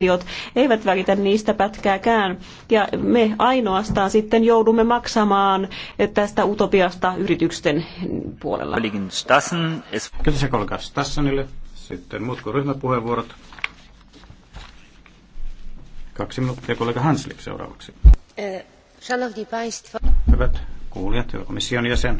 valtiot eivät välitä niistä pätkääkään. Ja me ainoastaan sitten joudumme maksamaan tästä utopiasta yritysten puolella. Kiitos ja kollega Stassanille. Sitten muut kuin ryhmäpuheenvuorot. Kaksi minuuttia kollega Hanslik seuraavaksi. Eh, Hyvät kuulijat ja komission jäsen.